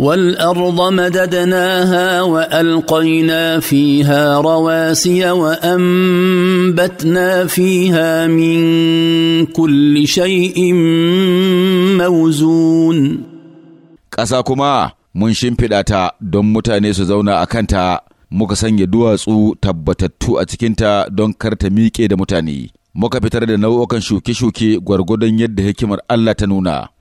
والارض مددناها والقينا فيها رواسي وانبتنا فيها من كل شيء موزون ƙasa kuma mun shimfiɗa ta don mutane su zauna a kanta muka sanya duwatsu tabbatattu a cikinta don kar ta miƙe da mutane muka fitar da nau'ukan shuke-shuke gwargwadon yadda hikimar Allah ta nuna